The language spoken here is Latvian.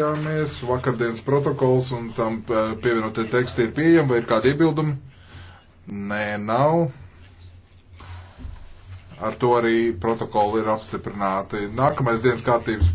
Jāmies, vakardienas protokols un tam pievienotie teksti ir pieejami, vai ir kādi iebildumi? Nē, nav. Ar to arī protokoli ir apstiprināti. Nākamais dienas kārtības.